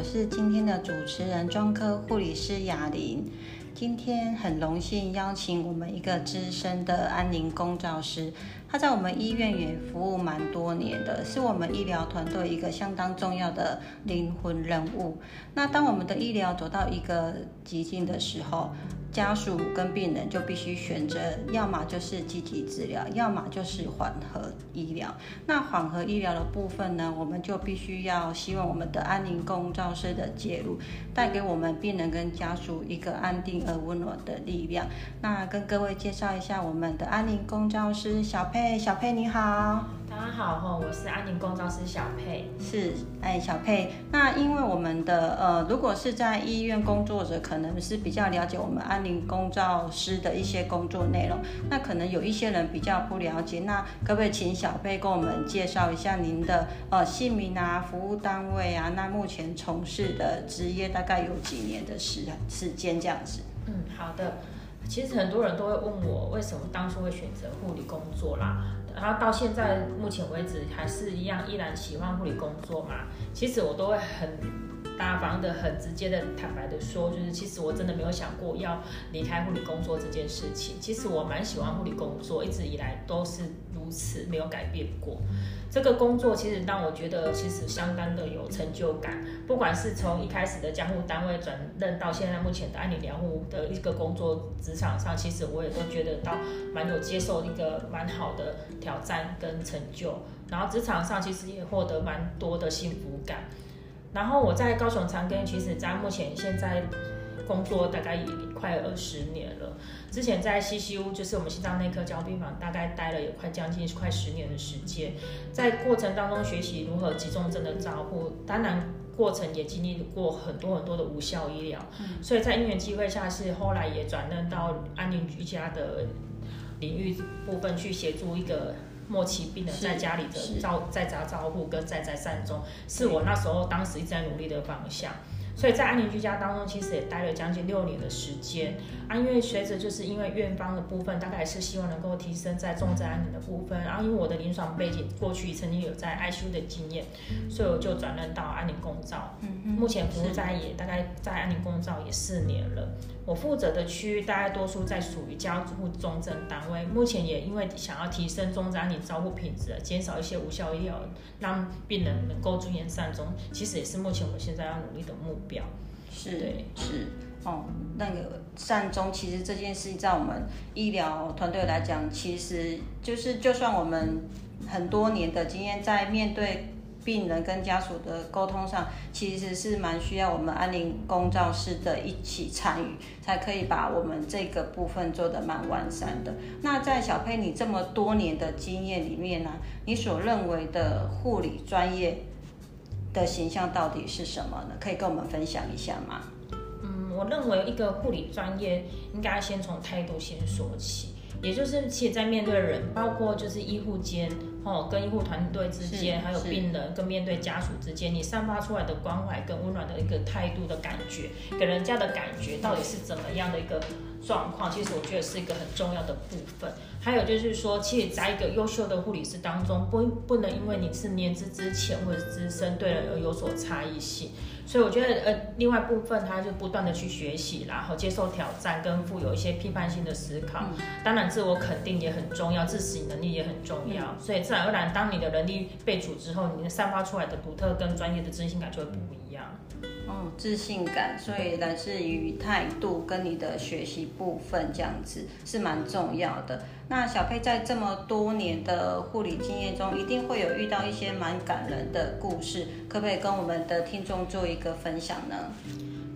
我是今天的主持人，專科護理師雅玲。今天很榮幸邀請我們一個資深的安寧共照師。他在我們醫院也服務蠻多年的，是我們醫療團隊一個相當重要的靈魂人物。那當我們的醫療走到一個極境的時候，家屬跟病人就必須選擇，要麼就是積極治療，要麼就是緩和醫療。那緩和醫療的部分呢，我們就必須要希望我們的安寧共照師的介入，帶給我們病人跟家屬一個安定而溫暖的力量。那跟各位介紹一下我們的安寧共照師小佩。哎，hey, 小佩你好，大家好，我是安寧共照師小佩。是，哎，小佩，那因為我們的呃，如果是在醫院工作者，可能是比較了解我們安寧共照師的一些工作內容。那可能有一些人比較不了解，那可不可以請小佩跟我們介紹一下您的呃姓名啊、服務單位啊？那目前從事的職業大概有幾年的時時間這樣子？嗯，好的。其實很多人都會問我，為什麼當初會選擇護理工作啦？然後到現在目前為止還是一樣，依然喜歡護理工作嘛？其實我都會很。大方的、很直接的、坦白的說，就是其實我真的沒有想過要離開護理工作這件事情。其實我蠻喜歡護理工作，一直以來都是如此，沒有改變過。這個工作其實讓我覺得其實相當的有成就感。不管是從一開始的加護單位轉任到現在目前的安寧療護的一個工作職場上，其實我也都覺得到蠻有接受一個蠻好的挑戰跟成就。然後職場上其實也獲得蠻多的幸福感。然後我在高雄長庚，其實在目前現在工作大概也快二十年了。之前在 CCU，西西就是我們心臟內科交病房，大概待了也快將近快十年的時間。在過程當中學習如何急重症的照護，當然過程也經歷過很多很多的無效醫療，嗯，所以在因緣機會下是後來也轉任到安寧居家的領域部分去協助一個。末期病人在家裡的照在家照顧跟在宅善終，是我那時候當時一直在努力的方向。所以在安寧居家當中，其實也待了將近六年的時間啊。因為隨着就是因為院方的部分，大概也是希望能夠提升在重症安寧的部分。然後因為我的臨床背景，過去曾經有在 ICU 的經驗，所以我就轉任到安寧共照。嗯嗯。目前服務在也大概在安寧共照也四年了。我負責的區域大概多數在屬於家護重症單位。目前也因為想要提升重症安寧照護品質，減少一些無效醫療，讓病人能夠住院善終，其實也是目前我們現在要努力的目。表是是哦、嗯，那個善終其實這件事，在我們醫療團隊來講，其實就是就算我們很多年的經驗，在面對病人跟家屬的溝通上，其實是蠻需要我們安寧共照師的一起參與，才可以把我們這個部分做得蠻完善的。那在小佩你這麼多年的經驗裡面呢、啊，你所認為的護理專業的形象到底是什麼呢？可以跟我們分享一下嗎？嗯，我認為一個護理專業應該先從態度先說起，也就是其實在面對人，包括就是醫護間哦，跟醫護團隊之間，是還有病人是跟面對家屬之間，你散發出來的關懷跟溫暖的一個態度的感覺，給人家的感覺到底是怎麼樣的一個。狀況，其實我覺得是一個很重要的部分，還有就是說，其實在一個優秀的護理師當中，不不能因為你是年資之前或者是資深，對人而有所差異性。所以我覺得，呃，另外一部分他就不斷的去學習，然後接受挑戰，跟富有一些批判性的思考。當然，自我肯定也很重要，自省能力也很重要。所以自然而然，當你的能力倍增之後，你散發出來的獨特跟專業的真心感就會不一樣。哦、嗯，自信感，所以來自於態度跟你的學習部分，這樣子是蠻重要的。那小佩在這麼多年的護理經驗中，一定會有遇到一些蠻感人的故事，可不可以跟我們的聽眾做一個分享呢？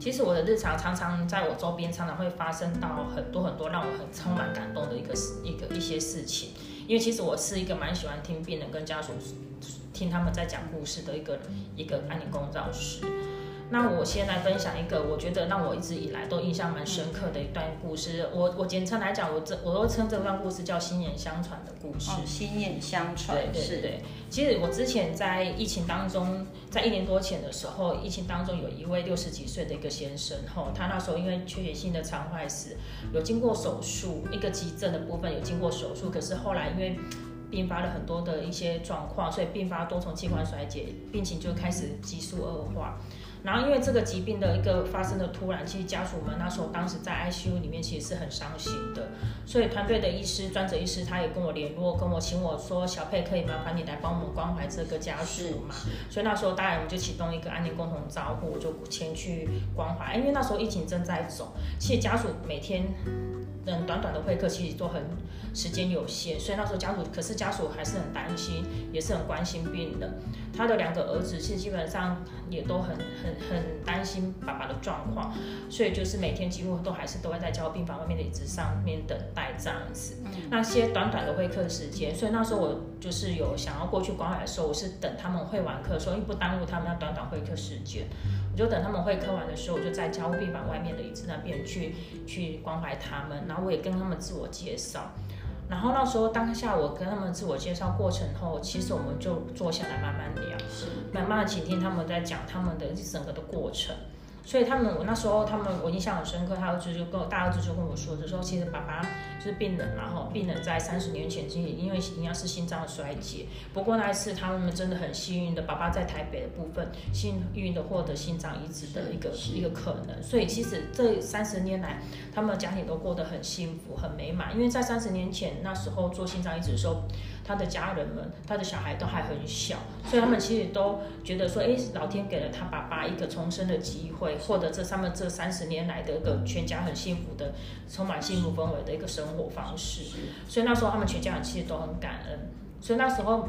其實我的日常常常在我周邊常常會發生到很多很多讓我很充滿感動的一個一個一些事情，因為其實我是一個蠻喜歡聽病人跟家屬聽他們在講故事的一個一個安寧共照師。那我先來分享一個，我覺得讓我一直以來都印象蠻深刻的一段故事。嗯、我我簡稱來講，我這我都稱這段故事叫心眼相傳的故事。哦、心眼相傳，對對對。是其實我之前在疫情當中，在一年多前的時候，疫情當中有一位六十幾歲的一個先生，哈、哦，他那時候因為缺血性的腸壞死，有經過手術，一個急症的部分有經過手術，可是後來因為併發了很多的一些狀況，所以併發多重器官衰竭，病情就開始急速惡化。然後因為這個疾病的一個發生的突然，其實家屬們那時候當時在 ICU 裡面，其實是很傷心的。所以團隊的醫師、專責醫師他也跟我聯絡，跟我請我說小佩可以麻煩你來幫我們關懷這個家屬嘛。是所以那時候當然我們就啟動一個安寧共同照顧，我就前去關懷。因為那時候疫情正在走，其實家屬每天嗯短短的會客其實都很時間有限，所以那時候家屬可是家屬還是很擔心，也是很關心病人的。他的兩個兒子其實基本上也都很很很擔心爸爸的狀況，所以就是每天幾乎都還是都會在加護病房外面的椅子上面等待這樣子。那些短短的會客時間，所以那時候我就是有想要過去關懷的時候，我是等他們會完課的時候，因為不耽誤他們那短短會客時間。我就等他們會客完的時候，我就在加護病房外面的椅子那邊去去關懷他們，然後我也跟他們自我介紹。然後那時候當下，我跟他們自我介紹過程後，其實我們就坐下來慢慢聊，是慢慢的傾聽他們在講他們的整個的過程。所以他們，我那時候他們，我印象很深刻。他兒子就跟我大兒子就跟我說，的時候其實爸爸是病人，啊，然後病人在三十年前其實因為應該是心臟的衰竭。不過那一次他們真的很幸運的，爸爸在台北的部分幸運的獲得心臟移植的一個一個可能。所以其實這三十年來，他們家庭都過得很幸福，很美滿。因為在三十年前那時候做心臟移植的時候，他的家人們他的小孩都還很小，所以他們其實都覺得說，誒、欸，老天給了他爸爸一個重生的機會。獲得這他們這三十年來的一個全家很幸福的，充滿幸福氛圍的一個生活方式，所以那時候他們全家人其實都很感恩，所以那時候。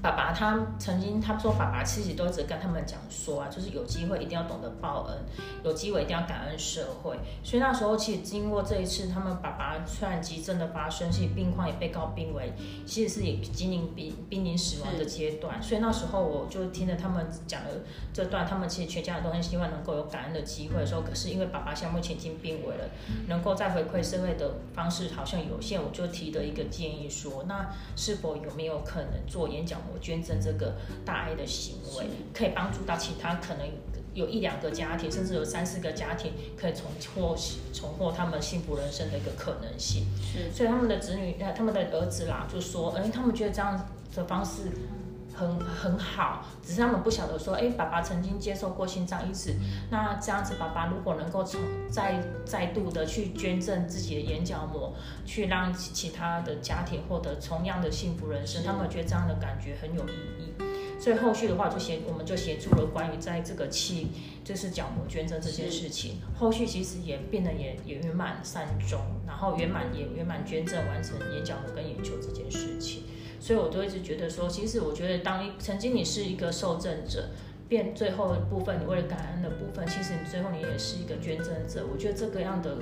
爸爸他曾經他說，爸爸其實都只跟他們講說啊，就是有機會一定要懂得報恩，有機會一定要感恩社會。所以那時候其實經過這一次，他們爸爸突然急症的發生，其實病況也被告病危，其實是也瀕臨瀕瀕臨死亡的階段。嗯、所以那時候我就聽着他們講的這段，他們其實全家人都很希望能夠有感恩的機會的時候，可是因為爸爸現在目前已經病危了，能夠再回饋社會的方式好像有限，我就提了一個建議說，那是否有沒有可能做演講？我捐贈這個大愛的行為，可以幫助到其他可能有一兩個家庭，甚至有三四個家庭，可以重獲重獲他們幸福人生的一個可能性。是，所以他們的子女他，他們的兒子啦，就說，哎、嗯，他們覺得這樣的方式。很很好，只是他們不曉得說，哎、欸，爸爸曾經接受過心臟移植，那這樣子，爸爸如果能夠重再再度的去捐贈自己的眼角膜，去讓其他的家庭獲得同樣的幸福人生，是他們覺得這樣的感覺很有意義。所以後續的話就，就協我們就協助了關於在這個期就是角膜捐贈這件事情，是後續其實也變得也也圓滿善終，然後圓滿也圓滿捐贈完成眼角膜跟眼球這件事情。所以我都一直覺得說，其實我覺得當一曾經你是一個受贈者，變最後的部分，你為了感恩的部分，其實你最後你也是一個捐贈者。我覺得這個樣的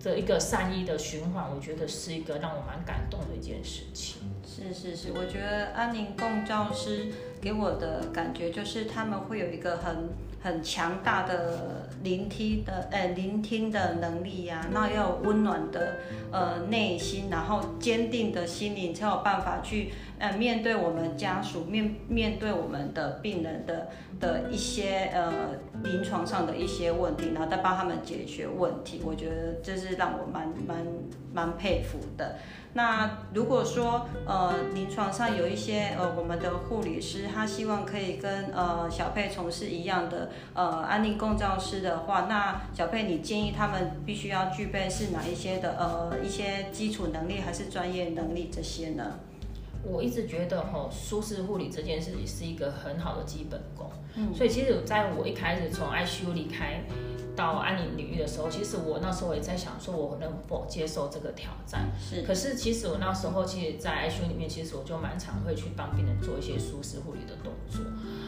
這一個善意的循環，我覺得是一個讓我蠻感動的一件事情。是是是，我覺得安寧共照師。給我的感覺就是他們會有一個很很強大的聆聽的呃、哎、聆聽的能力呀、啊，那要有溫暖的呃內心，然後堅定的心靈，才有辦法去、呃、面對我們家屬面面對我們的病人的的一些呃臨床上的一些問題，然後再幫他們解決問題。我覺得這是讓我蠻蠻蠻、蠻佩服的。那如果說呃臨床上有一些呃我們的護理師。他希望可以跟呃小佩從事一樣的呃安寧共照師的話，那小佩，你建議他們必須要具備是哪一些的呃一些基礎能力還是專業能力這些呢？我一直覺得哈、哦，舒適護理這件事也是一個很好的基本功，嗯、所以其實在我一開始從 ICU 離開。到安寧領域的時候，其實我那時候也在想說，我能否接受這個挑戰？是，可是其實我那時候，其實，在 ICU 裡面，其實我就蠻常會去幫病人做一些舒適護理的動作，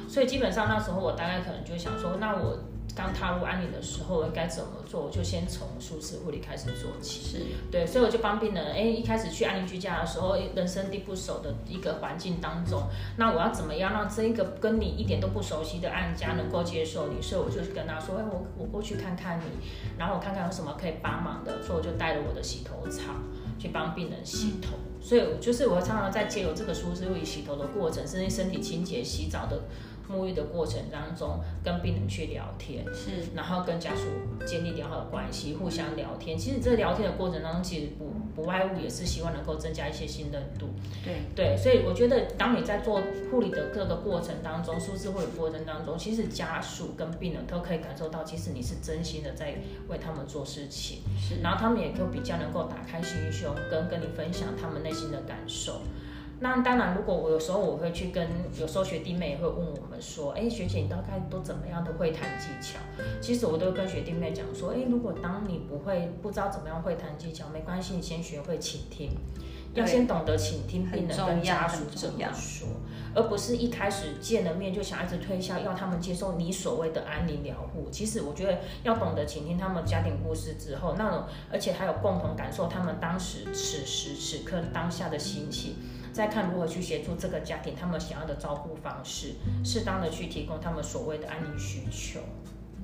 所以基本上那時候我大概可能就想說，那我。剛踏入安寧的時候，我應該怎麼做？我就先從舒適護理開始做起。是，對，所以我就幫病人，哎，一開始去安寧居家的時候，人生地不熟的一個環境當中，那我要怎麼樣讓這一個跟你一點都不熟悉的安家能夠接受你？所以我就跟他說，誒我我過去看看你，然後我看看有什麼可以幫忙的，所以我就帶着我的洗頭槽去幫病人洗頭。嗯、所以就是我常常在借由這個舒適護理洗頭的過程，甚至身體清潔、洗澡的。沐浴的過程當中，跟病人去聊天，是，然後跟家屬建立良好的關係，互相聊天。其實這聊天的過程當中，其實不，不外乎也是希望能夠增加一些信任度。對對，所以我覺得，當你在做護理的各個過程當中，舒適護理過程當中，其實家屬跟病人都可以感受到，其實你是真心的在為他們做事情。是，然後他們也就比較能夠打開心胸，跟跟你分享他們內心的感受。那當然，如果我有時候我會去跟有時候學弟妹也會問我們說：“欸，學姐，你大概都怎麼樣的會談技巧？”其實我都跟學弟妹講說：“欸，如果當你不會不知道怎麼樣會談技巧，沒關係，你先學會傾聽，對要先懂得傾聽病人跟家屬怎麼說，而不是一開始見了面就想一直推銷，要他們接受你所謂的安寧療護。其實我覺得要懂得傾聽他們家庭故事之後，那種而且還有共同感受他們當時此時此刻當下的心情。嗯”再看如何去協助這個家庭，他們想要的照顧方式，適當的去提供他們所謂的安寧需求。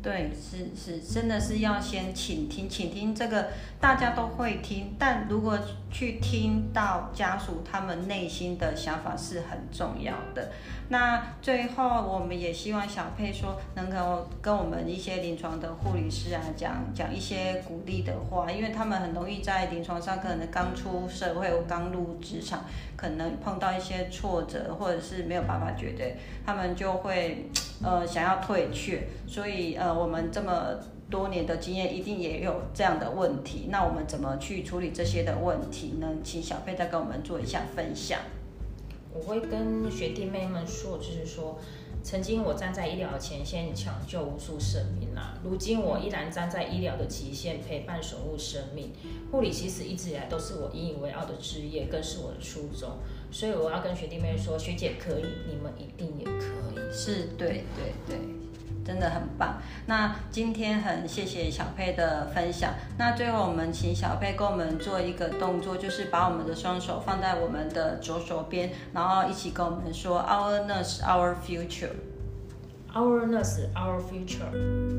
對，是是，真的是要先傾聽傾聽這個，大家都會聽，但如果去聽到家屬他們內心的想法是很重要的。那最後，我們也希望小佩說能夠跟我們一些臨床的護理師啊講講一些鼓勵的話，因為他們很容易在臨床上可能剛出社會剛入職場，可能碰到一些挫折，或者是沒有辦法解決他們就會。呃，想要退卻，所以呃，我們這麼多年的經驗，一定也有這樣的問題。那我們怎麼去處理這些的問題呢？請小佩再跟我們做一下分享。我會跟學弟妹們說，就是說，曾經我站在醫療前線搶救無數生命啦，如今我依然站在醫療的極限陪伴守護生命。護理其實一直以來都是我引以為傲的職業，更是我的初衷。所以我要跟學弟妹說，學姐可以，你們一定也。是對對對，真的很棒。那今天很謝謝小佩的分享。那最後我們請小佩跟我們做一個動作，就是把我們的雙手放在我們的左手邊，然後一起跟我們說：Our nurse, our future. Our nurse, our future.